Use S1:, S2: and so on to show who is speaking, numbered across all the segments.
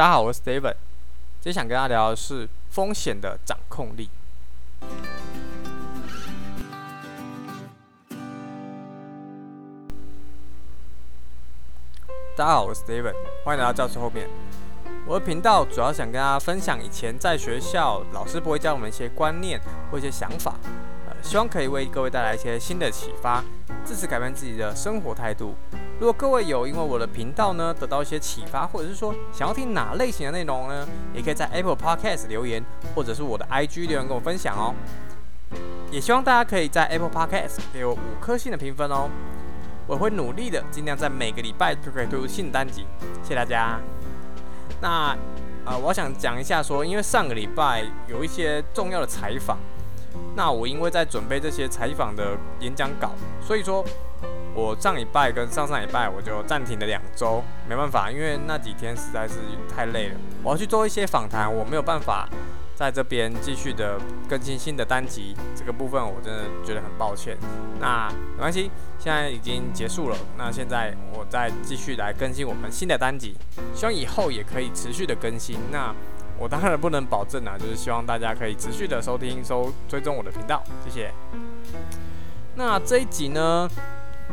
S1: 大家好，我是 David。今天想跟大家聊的是風險的掌控力。大家好，我是 David，歡迎來到教室後面。我的頻道主要想跟大家分享，以前在學校老師不會教我們一些觀念或一些想法。希望可以為各位帶來一些新的啟發，支持改變自己的生活態度。如果各位有因為我的頻道呢得到一些啟發，或者是說想要聽哪類型的內容呢，也可以在 Apple Podcast 留言，或者是我的 IG 留言跟我分享哦。也希望大家可以在 Apple Podcast 給我五顆星的評分哦，我會努力的，盡量在每個禮拜都可以推出新單集。謝謝大家。那啊，呃，我想講一下說，因為上個禮拜有一些重要的採訪。那我因為在準備這些採訪的演講稿，所以說，我上禮拜跟上上禮拜我就暫停了兩周，沒辦法，因為那幾天實在是太累了，我要去做一些訪談，我沒有辦法在這邊繼續的更新新的單集，這個部分我真的覺得很抱歉。那沒關係，現在已經結束了，那現在我再繼續來更新我們新的單集，希望以後也可以持續的更新。那我當然不能保證啊，就是希望大家可以持續的收聽、收追蹤我的頻道，謝謝。那這一集呢，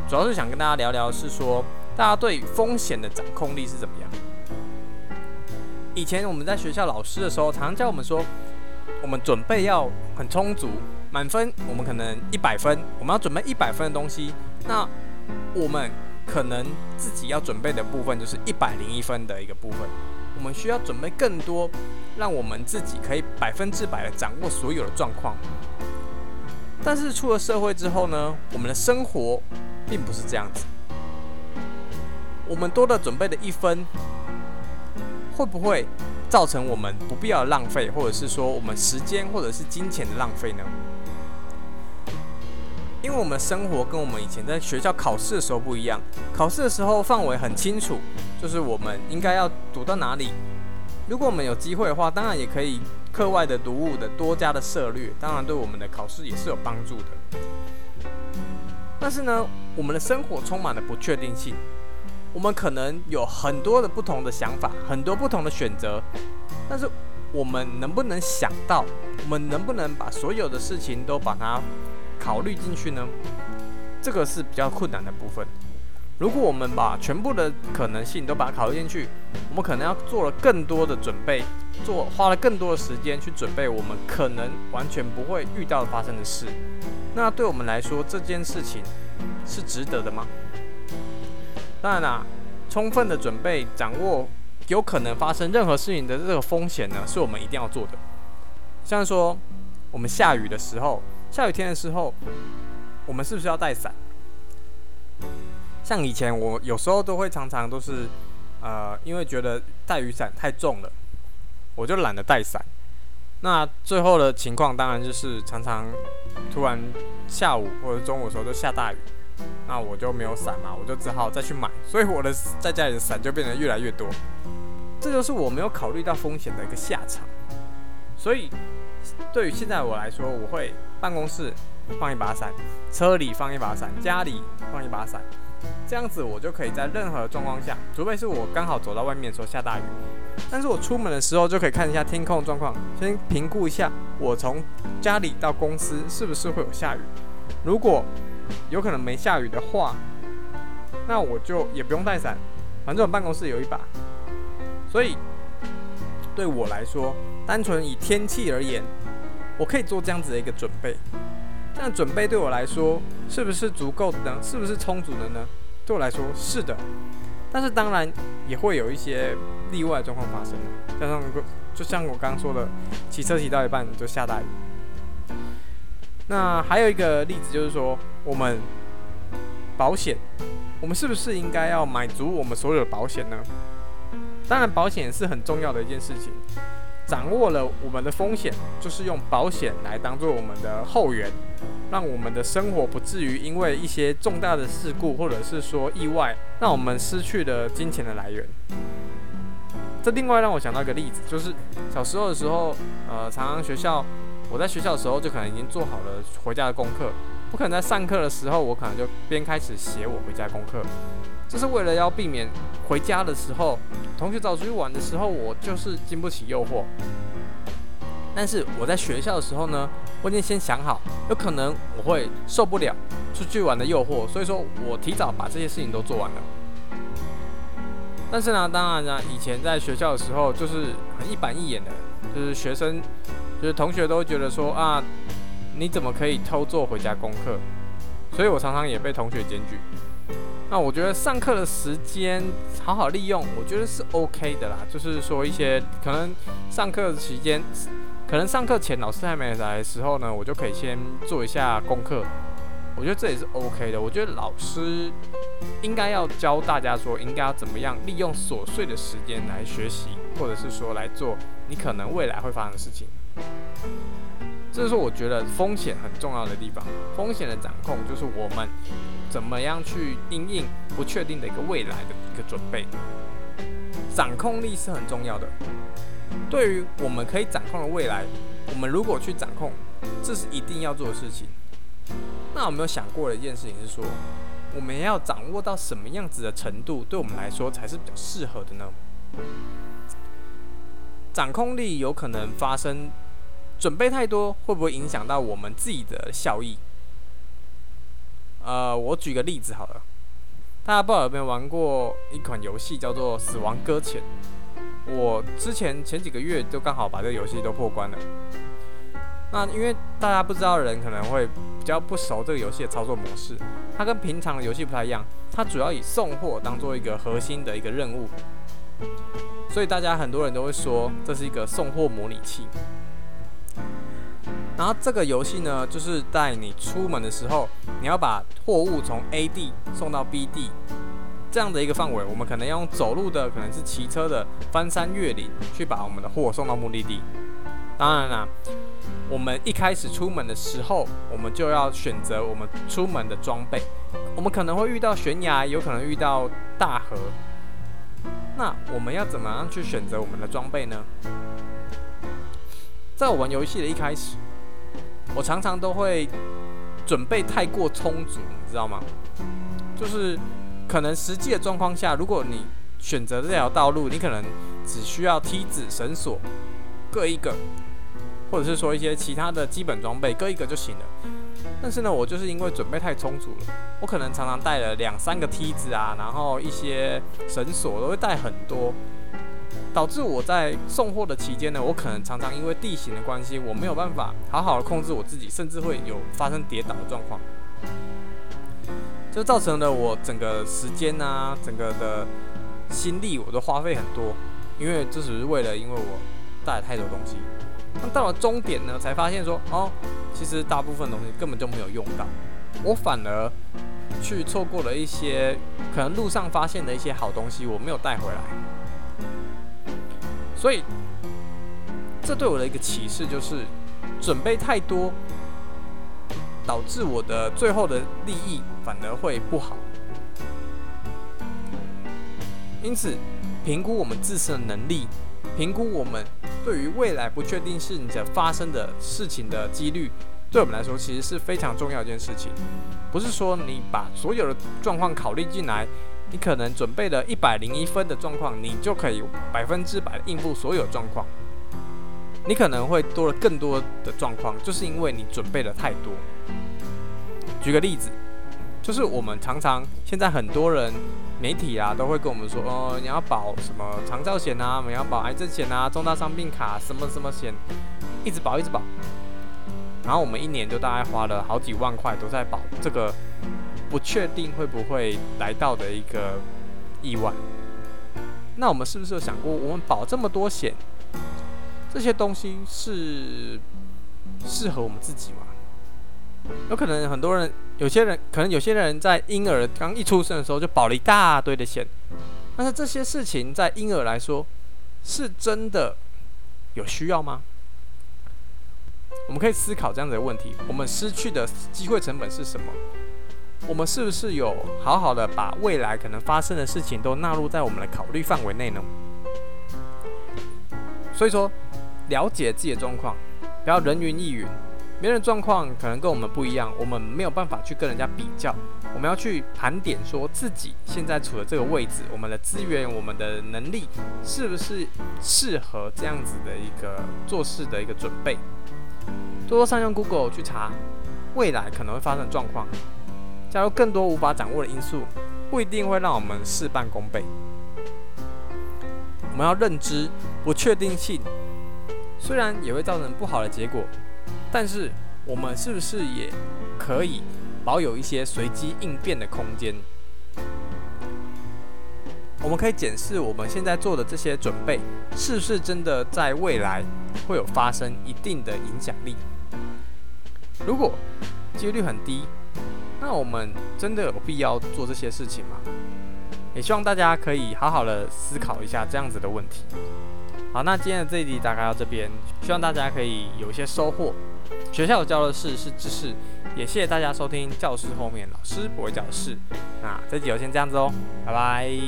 S1: 主要是想跟大家聊聊，是說大家對風險的掌控力是怎麼樣？以前我們在學校老師的時候，常常教我們說，我們準備要很充足，滿分我們可能一百分，我們要準備一百分的東西，那我們。可能自己要準備的部分就是一百零一分的一個部分，我們需要準備更多，讓我們自己可以百分之百地掌握所有的狀況。但是出了社會之後呢，我們的生活並不是這樣子。我們多的準備的一分，會不會造成我們不必要的浪費，或者是說我們時間或者是金錢的浪費呢？因為我們生活跟我們以前在學校考試的時候不一樣，考試的時候範圍很清楚，就是我們應該要讀到哪裡。如果我們有機會的話，當然也可以課外的讀物的多加的涉略，當然對我們的考試也是有幫助的。但是呢，我們的生活充滿了不確定性，我們可能有很多的不同的想法，很多不同的選擇。但是我們能不能想到，我們能不能把所有的事情都把它考慮進去呢，這個是比較困難的部分。如果我們把全部的可能性都把它考慮進去，我們可能要做了更多的準備，做花了更多的時間去準備我們可能完全不會遇到發生的事。那對我們來說，這件事情是值得的嗎？當然啦、啊，充分的準備，掌握有可能發生任何事情的這個風險呢，是我們一定要做的。像說我們下雨的時候。下雨天的時候，我們是不是要帶傘？像以前我有時候都會常常都是，呃，因為覺得帶雨傘太重了，我就懶得帶傘。那最後的情況當然就是常常突然下午或者中午的時候都下大雨，那我就沒有傘嘛，我就只好再去買。所以我的在家裡的傘就變得越來越多，這就是我沒有考慮到風險的一個下場。所以。對於現在我來說，我會辦公室放一把傘，車裡放一把傘，家裡放一把傘，這樣子我就可以在任何狀況下，除非是我剛好走到外面的時候下大雨，但是我出門的時候就可以看一下天空的狀況，先評估一下我從家裡到公司是不是會有下雨。如果有可能沒下雨的話，那我就也不用帶傘，反正我辦公室有一把。所以對我來說，單純以天氣而言。我可以做這樣子的一個準備，那準備對我來說是不是足夠的呢？是不是充足的呢？對我來說是的，但是當然也會有一些例外狀況發生，加上就，就像我剛剛說的，騎車騎到一半就下大雨。那還有一個例子就是說，我們保險，我們是不是應該要買足我們所有的保險呢？當然，保險是很重要的一件事情。掌握了我們的風險，就是用保險來當做我們的後援，讓我們的生活不至於因為一些重大的事故或者是說意外，讓我們失去了金錢的來源。這另外讓我想到一個例子，就是小時候的時候，呃，常常學校，我在學校的時候就可能已經做好了回家的功課。不可能在上課的時候，我可能就邊開始寫我回家功課，這是為了要避免回家的時候，同學找出去玩的時候，我就是經不起誘惑。但是我在學校的時候呢，我就先想好，有可能我會受不了出去玩的誘惑，所以說我提早把這些事情都做完了。但是呢，當然呢，以前在學校的時候就是很一板一眼的，就是學生，就是同學都覺得說啊。你怎麼可以偷做回家功課？所以我常常也被同學檢舉。那我覺得上課的時間好好利用，我覺得是 OK 的啦。就是說一些可能上課的期間，可能上課前老師還沒來的時候呢，我就可以先做一下功課。我覺得這也是 OK 的。我覺得老師應該要教大家說應該要怎麼樣利用瑣碎的時間來學習，或者是說來做你可能未來會發生的事情。這是我覺得風險很重要的地方，風險的掌控就是我們怎麼樣去因應不確定的一個未來的一個準備，掌控力是很重要的。對於我們可以掌控的未來，我們如果去掌控，這是一定要做的事情。那有沒有想過的一件事情是說，我們要掌握到什麼樣子的程度，對我們來說才是比較適合的呢？掌控力有可能發生。準備太多會不會影響到我們自己的效益？呃，我舉個例子好了，大家不知道有沒有玩過一款遊戲叫做《死亡擱淺》？我之前前幾個月就剛好把這個遊戲都破關了。那因為大家不知道的人可能會比較不熟這個遊戲的操作模式。它跟平常的遊戲不太一樣，它主要以送貨當做一個核心的一個任務，所以大家很多人都會說這是一個送貨模擬器。然後這個遊戲呢，就是在你出門的時候，你要把貨物從 A 地送到 B 地這樣的一個範圍。我們可能要用走路的，可能是騎車的，翻山越嶺去把我們的貨送到目的地。當然啦、啊，我們一開始出門的時候，我們就要選擇我們出門的裝備。我們可能會遇到懸崖，有可能遇到大河。那我們要怎麼樣去選擇我們的裝備呢？在我玩遊戲的一開始。我常常都會準備太過充足，你知道嗎？就是可能實際的狀況下，如果你選擇這條道路，你可能只需要梯子、繩索各一個，或者是說一些其他的基本裝備各一個就行了。但是呢，我就是因為準備太充足了，我可能常常帶了兩三個梯子啊，然後一些繩索都會帶很多。導致我在送貨的期間呢，我可能常常因為地形的關係，我沒有辦法好好的控制我自己，甚至會有發生跌倒的狀況，就造成了我整個時間吶、啊，整個的心力我都花費很多，因為這只是為了因為我帶了太多東西。那到了終點呢，才發現說哦，其實大部分東西根本就沒有用到，我反而去錯過了一些可能路上發現的一些好東西，我沒有帶回來。所以，這對我的一個啟示就是，準備太多，導致我的最後的利益反而會不好。因此，評估我們自身的能力，評估我們對於未來不確定事情發生的事情的幾率，對我們來說其實是非常重要一件事情。不是說你把所有的狀況考慮進來。你可能準備了一百零一分的狀況，你就可以百分之百應付所有狀況。你可能會多了更多的狀況，就是因為你準備了太多。舉個例子，就是我們常常現在很多人媒體啊都會跟我們說，哦，你要保什麼長照險啊，你要保癌症險啊，重大傷病卡什麼什麼險，一直保一直保，然後我們一年就大概花了好幾萬塊都在保這個。不確定會不會來到的一個意外，那我們是不是有想過，我們保這麼多險，這些東西是適合我們自己嗎？有可能很多人，有些人可能有些人在嬰兒剛一出生的時候就保了一大堆的險，但是這些事情在嬰兒來說是真的有需要嗎？我們可以思考這樣子的問題：我們失去的機會成本是什麼？我們是不是有好好的把未來可能發生的事情都納入在我們的考慮範圍內呢？所以說，了解自己的狀況，不要人云亦云。別人的狀況可能跟我們不一樣，我們沒有辦法去跟人家比較。我們要去盤點說自己現在處的這個位置，我們的資源，我們的能力，是不是適合這樣子的一個做事的一個準備？多多上用 Google 去查未來可能會發生的狀況。加入更多無法掌握的因素，不一定會讓我們事半功倍。我們要認知不確定性，雖然也會造成不好的結果，但是我們是不是也可以保有一些隨機應變的空間？我們可以檢視我們現在做的這些準備，是不是真的在未來會有發生一定的影響力？如果幾率很低。那我們真的有必要做這些事情嗎？也希望大家可以好好的思考一下這樣子的問題。好，那今天的這一集大概到這邊，希望大家可以有一些收穫。學校有教的是是知識，也謝謝大家收聽。教室後面老師不會教的事。那這集就先這樣子哦，拜拜。